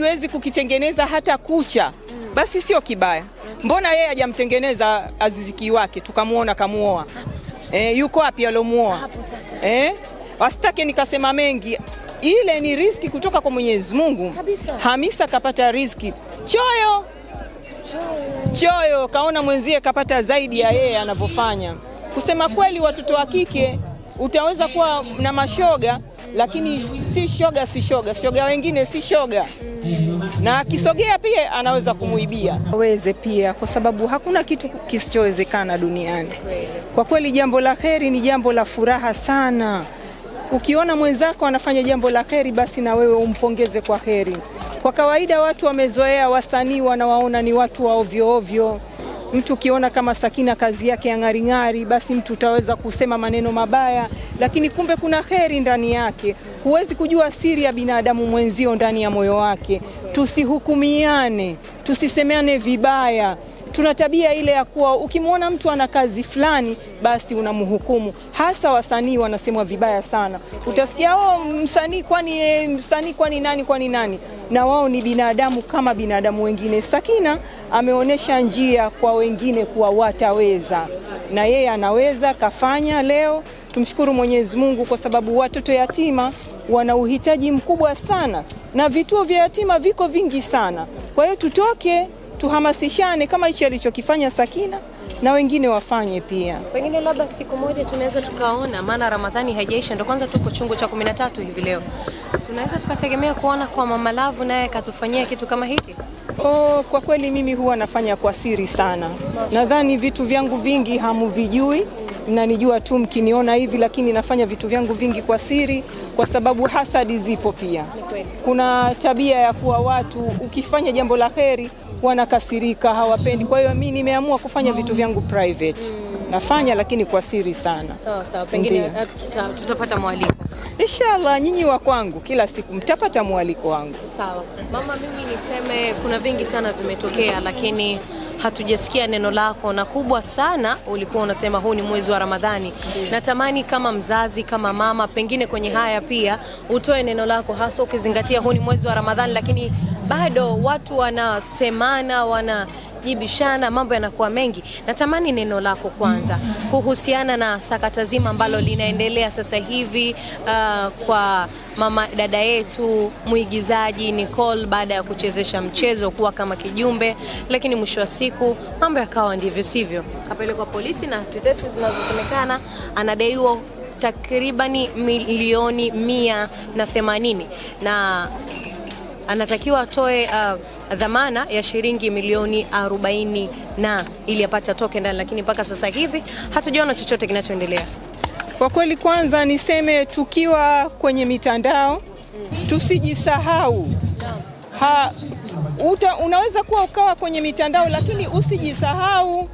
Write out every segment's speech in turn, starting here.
hakiwezi kukitengeneza hata kucha, basi sio kibaya. Mbona yeye hajamtengeneza Aziziki wake tukamwona kamuoa? E, yuko api alomuoa? E, eh? wasitake nikasema mengi ile ni riski kutoka kwa Mwenyezi Mungu. Hamisa kapata riski Choyo choyo, kaona mwenzie kapata zaidi ya yeye anavyofanya. Kusema kweli, watoto wa kike utaweza kuwa na mashoga lakini si shoga, si shoga, shoga wengine si shoga, na akisogea pia anaweza kumuibia aweze pia, kwa sababu hakuna kitu kisichowezekana duniani. Kwa kweli, jambo la heri ni jambo la furaha sana. Ukiona mwenzako anafanya jambo la heri, basi na wewe umpongeze kwa heri. Kwa kawaida watu wamezoea wasanii wanawaona ni watu wa ovyo ovyo Mtu ukiona kama Sakina kazi yake ya ng'aring'ari, basi mtu utaweza kusema maneno mabaya, lakini kumbe kuna heri ndani yake. Huwezi kujua siri ya binadamu mwenzio ndani ya moyo wake. Tusihukumiane, tusisemeane vibaya. Tuna tabia ile ya kuwa ukimwona mtu ana kazi fulani, basi unamhukumu. Hasa wasanii wanasemwa vibaya sana, utasikia oh, msanii kwani, msanii kwani nani, kwani nani? Na wao ni binadamu kama binadamu wengine. Sakina ameonyesha njia kwa wengine kuwa wataweza na yeye anaweza kafanya. Leo tumshukuru Mwenyezi Mungu kwa sababu watoto yatima wana uhitaji mkubwa sana, na vituo vya yatima viko vingi sana. Kwa hiyo tutoke tuhamasishane, kama hichi alichokifanya Sakina na wengine wafanye pia. Pengine labda siku moja tunaweza tukaona, maana Ramadhani haijaisha, ndo kwanza tuko chungu cha kumi na tatu hivi leo, tunaweza tukategemea kuona kwa Mama Lavu naye akatufanyia kitu kama hiki. Oh, kwa kweli mimi huwa nafanya kwa siri sana. Nadhani vitu vyangu vingi hamuvijui, mnanijua tu mkiniona hivi, lakini nafanya vitu vyangu vingi kwa siri kwa sababu hasadi zipo pia. Kuna tabia ya kuwa watu ukifanya jambo la heri wanakasirika, hawapendi. Kwa hiyo mimi nimeamua kufanya vitu vyangu private, nafanya lakini kwa siri sana. Sawa sawa, pengine tutapata mwaliko Inshallah nyinyi wa kwangu, kila siku mtapata mwaliko wangu. Sawa mama, mimi niseme kuna vingi sana vimetokea, lakini hatujasikia neno lako, na kubwa sana ulikuwa unasema huu ni mwezi wa Ramadhani. Natamani kama mzazi, kama mama, pengine kwenye haya pia utoe neno lako, hasa ukizingatia huu ni mwezi wa Ramadhani, lakini bado watu wanasemana wana kujibishana, mambo yanakuwa mengi. Natamani neno lako kwanza kuhusiana na sakata zima ambalo linaendelea sasa hivi uh, kwa mama dada yetu mwigizaji Nicole baada ya kuchezesha mchezo kuwa kama kijumbe, lakini mwisho wa siku mambo yakawa ndivyo sivyo, kapelekwa polisi na tetesi zinazosemekana anadaiwa takribani milioni mia na themanini na anatakiwa atoe uh, dhamana ya shilingi milioni arobaini na ili apate toke ndani, lakini mpaka sasa hivi hatujaona chochote kinachoendelea. Kwa kweli, kwanza niseme tukiwa kwenye mitandao tusijisahau ha, uta, unaweza kuwa ukawa kwenye mitandao lakini usijisahau,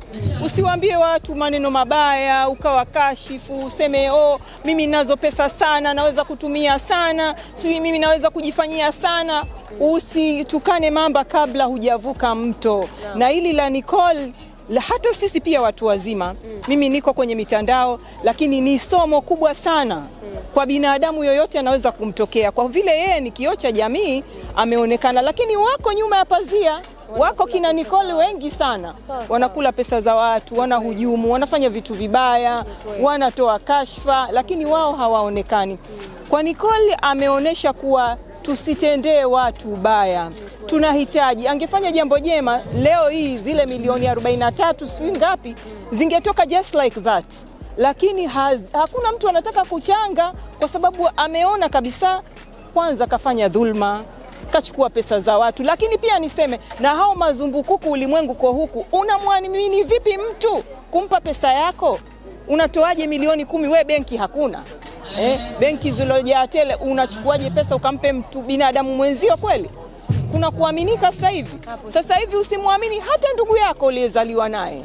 usiwaambie watu maneno mabaya, ukawa kashifu, useme oh, mimi nazo pesa sana, naweza kutumia sana, sijui mimi naweza kujifanyia sana. Usitukane mamba kabla hujavuka mto, na hili la Nicole la hata sisi pia watu wazima mm. Mimi niko kwenye mitandao, lakini ni somo kubwa sana mm. Kwa binadamu yoyote anaweza kumtokea, kwa vile yeye ni kioo cha jamii ameonekana, lakini wako nyuma ya pazia wako kina nikoli wengi sana wanakula pesa za watu, wanahujumu, wanafanya vitu vibaya, wanatoa kashfa, lakini wao hawaonekani. Mm. Kwa nikoli ameonyesha kuwa tusitendee watu ubaya, tunahitaji. Angefanya jambo jema leo hii, zile milioni 43 sijui ngapi zingetoka just like that, lakini haz, hakuna mtu anataka kuchanga kwa sababu ameona kabisa, kwanza kafanya dhulma kachukua pesa za watu. Lakini pia niseme na hao mazumbukuku, ulimwengu kwa huku, unamwamini vipi mtu kumpa pesa yako? Unatoaje milioni kumi? We benki hakuna eh, benki zilojaa tele, unachukuaje pesa ukampe mtu binadamu mwenzio? Kweli kuna kuaminika sasa hivi. Sasa hivi usimwamini hata ndugu yako uliyezaliwa naye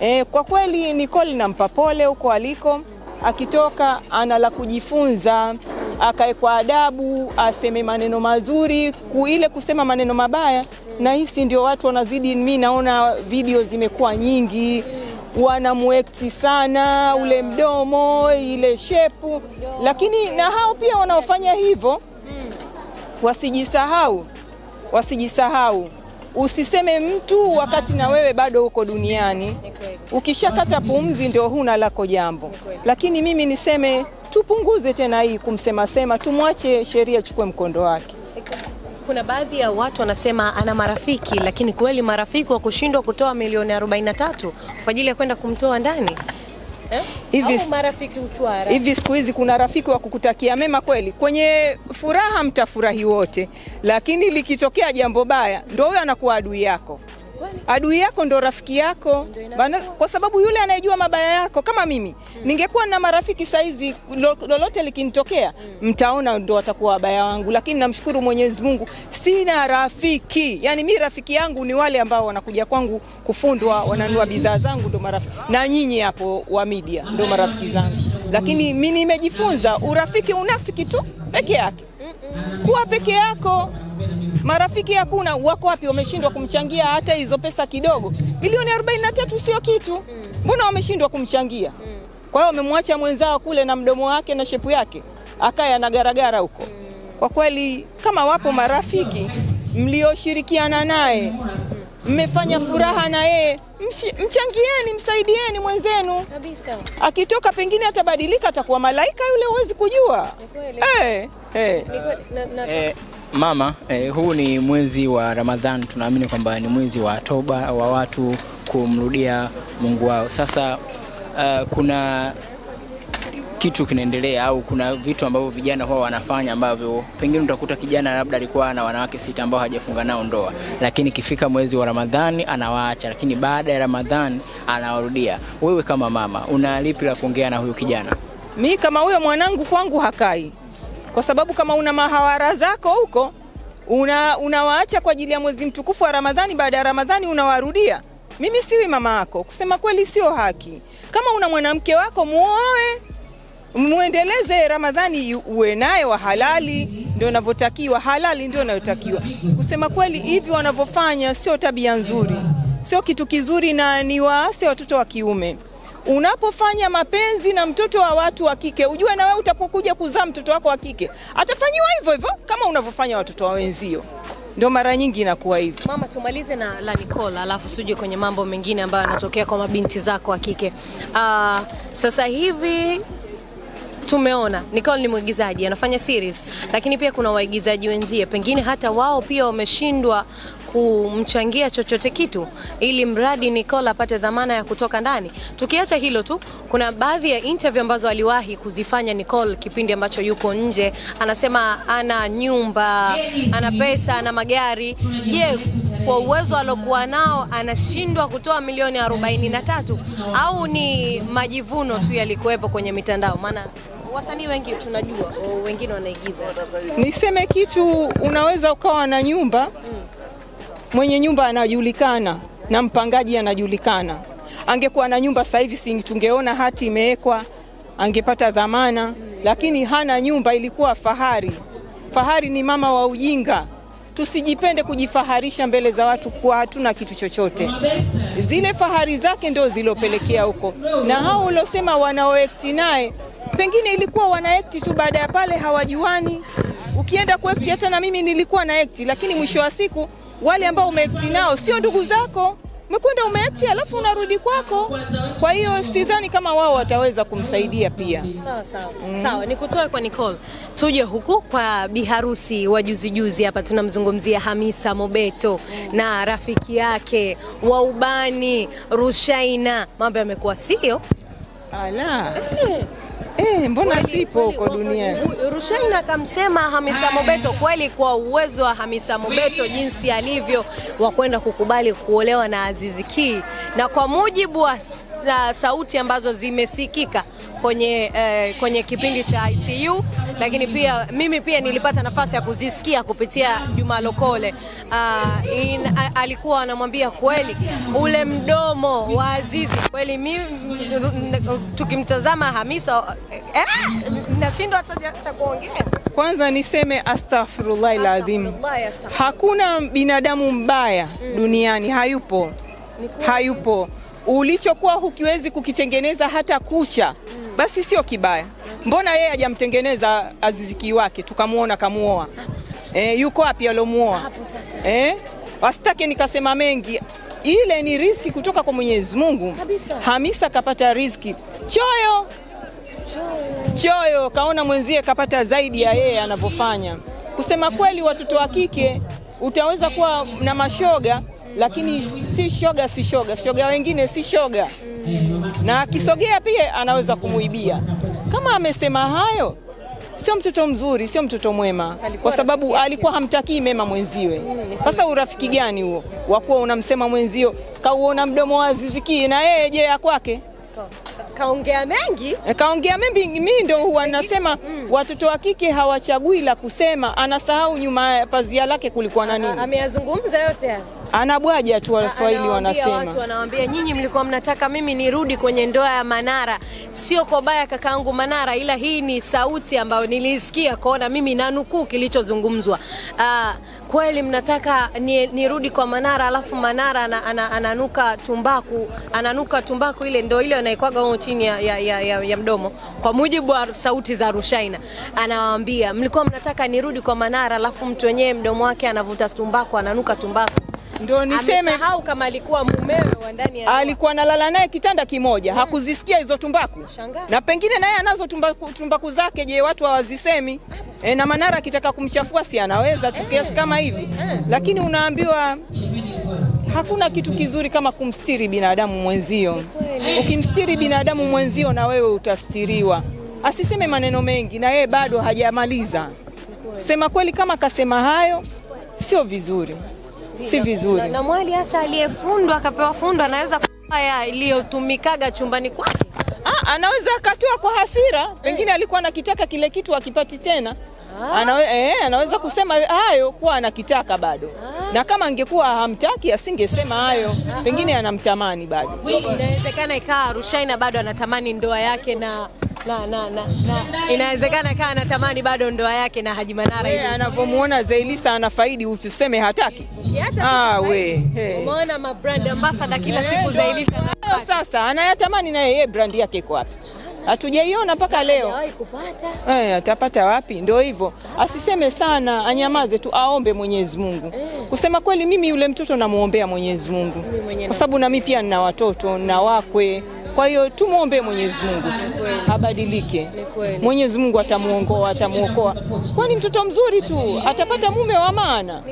eh. Kwa kweli Nicole nampa pole huko aliko, akitoka ana la kujifunza akae kwa adabu, aseme maneno mazuri ile kusema maneno mabaya. Mm. Na hisi ndio watu wanazidi, mi naona video zimekuwa nyingi wanamuekti sana ule mdomo ile shepu, lakini na hao pia wanaofanya hivyo wasijisahau, wasijisahau. Usiseme mtu wakati na wewe bado uko duniani. Ukishakata pumzi, ndio huna lako jambo. Lakini mimi niseme tupunguze tena hii kumsema sema, tumwache sheria chukue mkondo wake. Kuna baadhi ya watu wanasema ana marafiki, lakini kweli marafiki wa kushindwa kutoa milioni 43 kwa ajili ya kwenda kumtoa ndani eh? hivi siku hizi kuna rafiki wa kukutakia mema kweli? Kwenye furaha mtafurahi wote, lakini likitokea jambo baya, ndio huyo anakuwa adui yako. Adui yako ndo rafiki yako bana, kwa sababu yule anayejua mabaya yako kama mimi hmm. Ningekuwa na marafiki saizi, lolote likinitokea hmm. Mtaona ndo watakuwa wabaya wangu, lakini namshukuru Mwenyezi Mungu sina rafiki. Yani mi rafiki yangu ni wale ambao wanakuja kwangu kufundwa, wananua bidhaa zangu ndo marafiki, na nyinyi hapo wa media ndo marafiki zangu, lakini mi nimejifunza urafiki unafiki tu peke yake. Kuwa peke yako, marafiki hakuna. Wako wapi? Wameshindwa kumchangia hata hizo pesa kidogo. Milioni 43 sio kitu, mbona wameshindwa kumchangia? Kwa hiyo wamemwacha mwenzao kule na mdomo wake na shepu yake, akaya na garagara huko. Kwa kweli, kama wapo marafiki mlioshirikiana naye, mmefanya furaha na yeye mchangieni, msaidieni mwenzenu kabisa. Akitoka pengine atabadilika, atakuwa malaika yule, huwezi kujua. hey, hey. Hey, mama eh, huu ni mwezi wa Ramadhan, tunaamini kwamba ni mwezi wa toba wa watu kumrudia Mungu wao. Sasa uh, kuna kitu kinaendelea au kuna vitu ambavyo vijana huwa wanafanya ambavyo pengine utakuta kijana labda alikuwa na wanawake sita ambao hajafunga nao ndoa, lakini ikifika mwezi wa Ramadhani anawaacha, lakini baada ya Ramadhani anawarudia. Wewe kama mama una lipi la kuongea na huyu kijana? Mi kama huyo mwanangu kwangu hakai, kwa sababu kama una mahawara zako huko unawaacha kwa ajili ya mwezi mtukufu wa Ramadhani, baada ya Ramadhani unawarudia. Mimi siwi mama yako, kusema kweli sio haki. Kama una mwanamke wako muoe mwendeleze Ramadhani uwe naye wa halali, ndio unavyotakiwa, halali ndio unayotakiwa. Kusema kweli, hivi wanavyofanya sio tabia nzuri, sio kitu kizuri, na ni waase watoto wa kiume. Unapofanya mapenzi na mtoto wa watu wa kike, ujue na wewe utapokuja kuzaa mtoto wako wa kike atafanyiwa hivyo hivyo kama unavyofanya watoto wa wenzio. Ndio mara nyingi inakuwa hivyo. Mama, tumalize na la Nicola alafu tuje kwenye mambo mengine ambayo yanatokea kwa mabinti zako wa kike. Uh, sasa hivi tumeona Nicole ni mwigizaji anafanya series, lakini pia kuna waigizaji wenzie pengine hata wao pia wameshindwa kumchangia chochote kitu, ili mradi Nicole apate dhamana ya kutoka ndani. Tukiacha hilo tu, kuna baadhi ya interview ambazo aliwahi kuzifanya Nicole kipindi ambacho yuko nje, anasema ana nyumba, ana pesa, ana magari. Je, kwa uwezo alokuwa nao anashindwa kutoa milioni 43 au ni majivuno tu yalikuwepo kwenye mitandao? Maana wasanii wengi tunajua, wengine wanaigiza. Niseme kitu, unaweza ukawa na nyumba mm. Mwenye nyumba anajulikana na mpangaji anajulikana. Angekuwa na nyumba sasa hivi, si tungeona hati imewekwa, angepata dhamana mm. Lakini hana nyumba, ilikuwa fahari. Fahari ni mama wa ujinga. Tusijipende kujifaharisha mbele za watu kuwa hatuna kitu chochote. Zile fahari zake ndio zilopelekea huko, na hao uliosema wanaoekti naye pengine ilikuwa wana act tu, baada ya pale hawajuani. Ukienda kuekti, hata na mimi nilikuwa na ekti, lakini mwisho wa siku wale ambao umeekti nao sio ndugu zako, umekwenda umeekti alafu unarudi kwako. Kwa hiyo sidhani kama wao wataweza kumsaidia pia. Sawa sawa, mm. Sawa, nikutoe kwa Nicole, tuje huku kwa biharusi wa juzi juzi hapa. Tunamzungumzia Hamisa Mobeto na rafiki yake wa ubani Rushaina, mambo yamekuwa sio ala eh. Eh, mbona sipo huko duniani? Rushaina akamsema Hamisa Mobeto. Kweli kwa uwezo wa Hamisa Mobeto jinsi alivyo wa kwenda kukubali kuolewa na Azizi Ki, na kwa mujibu wa sauti ambazo zimesikika kwenye, eh, kwenye kipindi cha ICU lakini pia mimi pia nilipata nafasi ya kuzisikia kupitia Juma Lokole. Uh, in, a, alikuwa anamwambia kweli ule mdomo wa Azizi kweli mimi, tukimtazama Hamisa eh, nashindwa hata cha kuongea. Kwanza niseme astaghfirullah alazim, hakuna binadamu mbaya mm, duniani hayupo, hayupo. Ulichokuwa hukiwezi kukitengeneza hata kucha mm basi sio kibaya. Mbona yeye hajamtengeneza Aziziki wake tukamwona kamuoa? E, yuko wapi alomuoa? E, wasitake nikasema mengi ile ni riziki kutoka kwa Mwenyezi Mungu. Hamisa kapata riziki choyo. Choyo choyo, kaona mwenzie kapata zaidi ya yeye anavyofanya. Kusema kweli, watoto wa kike utaweza kuwa na mashoga lakini si shoga, si shoga, shoga wengine si shoga, na akisogea pia anaweza kumuibia. Kama amesema hayo, sio mtoto mzuri, sio mtoto mwema, kwa sababu alikuwa hamtakii mema mwenziwe. Mm. Sasa urafiki gani huo wa kuwa unamsema mwenzio? Kauona mdomo wa Aziziki na yeye, je, ya kwake kaongea mengi, e, kaongea mengi. Mimi ndo huwa nasema mm, watoto wa kike hawachagui la kusema, anasahau nyuma ya pazia lake kulikuwa na nini. Ameyazungumza yote haya anabwaja tu Waswahili wanasema. Watu wanawaambia nyinyi mlikuwa mnataka mimi nirudi kwenye ndoa ya Manara, sio kwa baya kakaangu Manara, ila hii ni sauti ambayo nilisikia kona, mimi nanukuu kilichozungumzwa. Uh, kweli mnataka nirudi ni kwa Manara, alafu Manara ana, ana, ananuka tumbaku, ananuka tumbaku ile ndo ile anaikwaga huko chini ya, ya, ya, ya, ya mdomo, kwa mujibu wa sauti za Rushaina. Anawaambia mlikuwa mnataka nirudi kwa Manara, alafu mtu wenyewe mdomo wake anavuta tumbaku, ananuka tumbaku ndio niseme hau kama alikuwa mumewe wa ndani ya alikuwa analala naye kitanda kimoja mm. Hakuzisikia hizo tumbaku Na pengine naye anazo tumbaku, tumbaku zake. Je, watu hawazisemi? E, na Manara akitaka kumchafua si anaweza tu eh. kiasi kama hivi hmm. Lakini unaambiwa hakuna kitu kizuri kama kumstiri binadamu mwenzio. Ukimstiri binadamu mwenzio na wewe utastiriwa. Asiseme maneno mengi, na yeye bado hajamaliza. Sema kweli, kama kasema hayo sio vizuri si vizuri. Na, na mwali hasa aliyefundwa akapewa fundo anaweza haya iliyotumikaga chumbani kwake ah, anaweza akatoa kwa hasira, pengine eh. alikuwa anakitaka kile kitu akipati tena. Ah. Anawe, eh, anaweza kusema hayo kuwa anakitaka bado ah. Na kama angekuwa hamtaki asingesema hayo, ah. pengine anamtamani bado. Inawezekana ikawa Rushaina bado anatamani ndoa yake na na, na, na, na. Inawezekana kaa anatamani bado ndoa yake na Haji Manara hivi. Anavyomuona Zailisa anafaidi usiseme hataki. Ah, we. Umeona ma brand ambassador kila siku Zailisa. Sasa anayatamani naye yeye brand yake iko wapi? Hatujaiona mpaka leo. Eh, atapata wapi? Ndio hivyo, asiseme sana, anyamaze tu, aombe Mwenyezi Mungu. Eh. Kusema kweli, mimi yule mtoto namuombea Mwenyezi Mungu, kwa sababu na mimi pia nina watoto na wakwe kwa hiyo tumwombee Mwenyezi Mungu tu abadilike. Mwenyezi Mungu atamuongoa, atamuokoa, kwani mtoto mzuri tu atapata mume wa maana.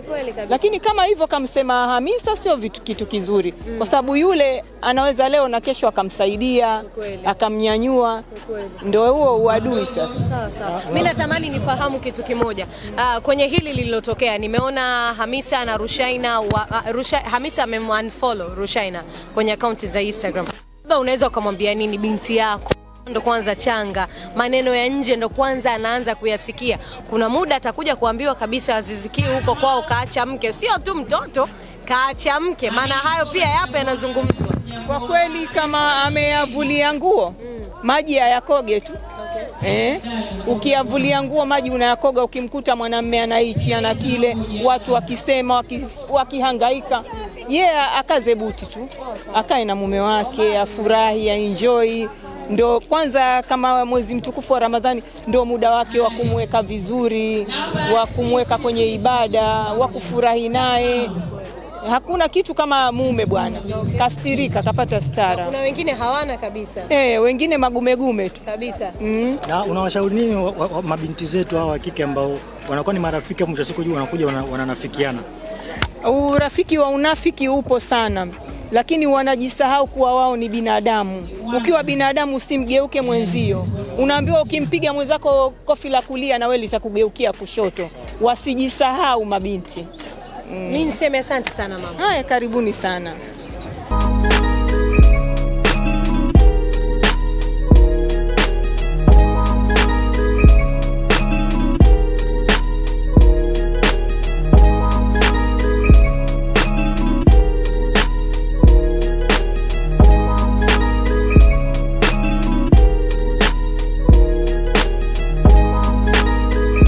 Lakini kama hivyo kamsema Hamisa, sio vitu kitu kizuri, mm. kwa sababu yule anaweza leo na kesho akamsaidia akamnyanyua. Ndio huo uadui sasa. Mimi natamani nifahamu kitu kimoja uh, kwenye hili lililotokea, nimeona Hamisa na Rushaina wa, uh, Rusha, Hamisa amemunfollow Rushaina kwenye akaunti za Instagram labda unaweza ukamwambia nini binti yako ndo kwanza changa, maneno ya nje ndo kwanza anaanza kuyasikia. Kuna muda atakuja kuambiwa kabisa, wazizikii huko kwao kaacha mke, sio tu mtoto, kaacha mke. Maana hayo pia yapo yanazungumzwa. Kwa kweli, kama ameyavulia nguo, mm. maji hayakoge tu eh, ukiyavulia nguo maji unayakoga, ukimkuta mwanamme anaichi ana kile, watu wakisema wakihangaika yeye yeah, akaze buti tu akae na mume wake afurahi aenjoi Ndo kwanza kama mwezi mtukufu wa Ramadhani ndo muda wake wa kumweka vizuri, wa kumweka kwenye ibada, wa kufurahi naye. Hakuna kitu kama mume bwana, kastirika kapata stara. Kuna wengine hawana kabisa eh, wengine magumegume tu kabisa mm. Na unawashauri nini wa, wa, wa, mabinti zetu hawa wa kike ambao wanakuwa ni marafiki, mwisho siku juu wanakuja wananafikiana? Urafiki wa unafiki upo sana, lakini wanajisahau kuwa wao ni binadamu. Ukiwa binadamu usimgeuke mwenzio. Unaambiwa ukimpiga mwenzako kofi la kulia na wewe litakugeukia kushoto. Wasijisahau mabinti. Mimi niseme asante sana mama. Haya, karibuni sana.